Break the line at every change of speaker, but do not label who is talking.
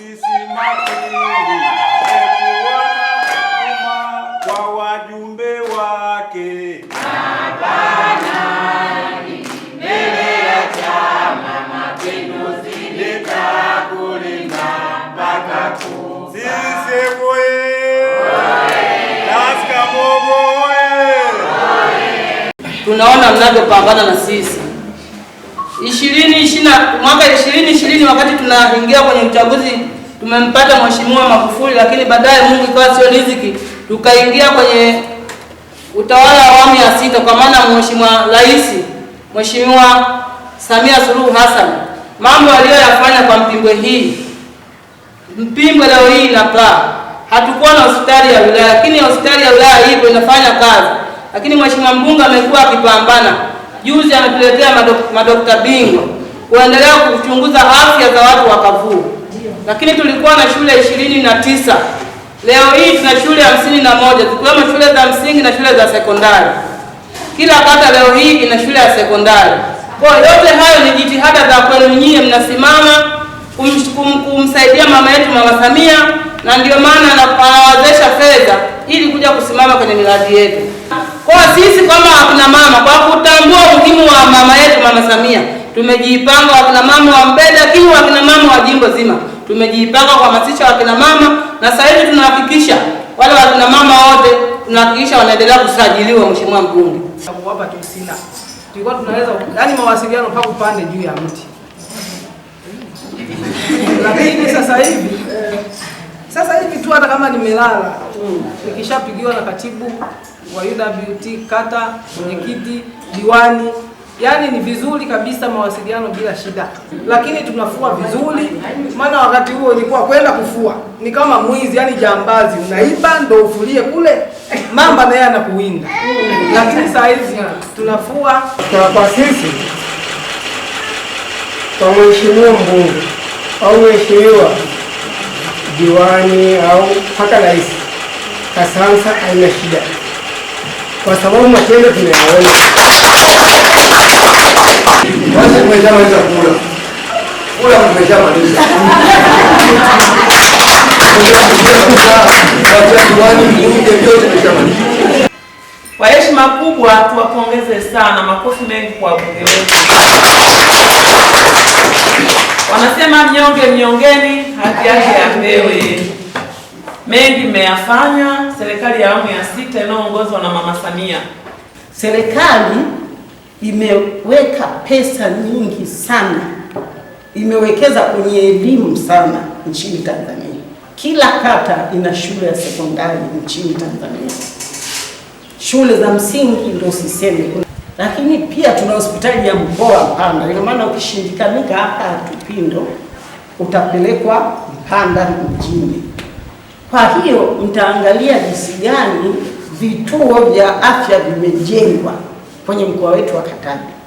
sisi makini kuona kwa wajumbe wake na Sisi
tunaona mnavyopambana na sisi ishirini ishirini mwaka ishirini ishirini wakati tunaingia kwenye uchaguzi tumempata Mheshimiwa Magufuli, lakini baadaye Mungu ikawa sio riziki, tukaingia kwenye utawala wa awamu ya sita, kwa maana Mheshimiwa Rais Mheshimiwa Samia Suluhu Hassan mambo aliyoyafanya kwa Mpimbwe hii Mpimbwe leo hii inapaa. Hatukuwa na hospitali ya wilaya, lakini hospitali ya wilaya ipo inafanya kazi, lakini mheshimiwa mbunge amekuwa akipambana. Juzi ametuletea madokta bingwa kuendelea kuchunguza afya za watu wa Kavuu lakini tulikuwa na shule ishirini na tisa leo hii tuna shule hamsini na moja zikiwemo shule za msingi na shule za sekondari. Kila kata leo hii ina shule ya sekondari. Kwa yote hayo ni jitihada za kwenu nyinyi, mnasimama kum, kum, kumsaidia mama yetu Mama Samia, na ndio maana anawawezesha fedha ili kuja kusimama kwenye miradi yetu. Kwa sisi kama akina mama, kwa kutambua umuhimu wa mama yetu Mama Samia Tumejipanga wakina mama wa Mbeda, lakini wakina mama wa jimbo zima tumejipanga kuhamasisha wakina mama, na sasa hivi tunahakikisha wale wakina mama wote tunahakikisha wanaendelea kusajiliwa. Mheshimiwa Mbunge, hapa tusina tulikuwa tunaweza yani mawasiliano mpaka upande juu ya mti lakini sasa hivi sasa hivi tu hata kama nimelala nikishapigiwa na katibu wa UWT kata, mwenyekiti, diwani Yaani ni vizuri kabisa mawasiliano bila shida, lakini tunafua vizuri, maana wakati huo ilikuwa kwenda kufua ni kama mwizi, yaani jambazi, unaiba ndo ufulie kule, mamba naye anakuwinda. Lakini saa hizi tunafua
kwa, kwa sisi kwa mheshimiwa mbunge au mheshimiwa diwani au mpaka rais Kasansa haina shida, kwa sababu matendo tunayaona. Basi
Kwa heshima kubwa tuwapongeze sana, makofi mengi kwa wabunge wetu. Wanasema mnyonge mnyongeni, haki yake apewe. Mengi mmeyafanya serikali ya awamu ya sita inayoongozwa na Mama Samia.
Serikali imeweka pesa nyingi sana, imewekeza kwenye elimu sana nchini Tanzania. Kila kata ina shule ya sekondari nchini Tanzania, shule za msingi ndio siseme, lakini pia tuna hospitali ya mkoa Mpanda. Ina maana ukishindikanika hapa Tupindo utapelekwa Mpanda mjini. Kwa hiyo mtaangalia jinsi gani vituo vya afya vimejengwa kwenye mkoa wetu wa Katavi.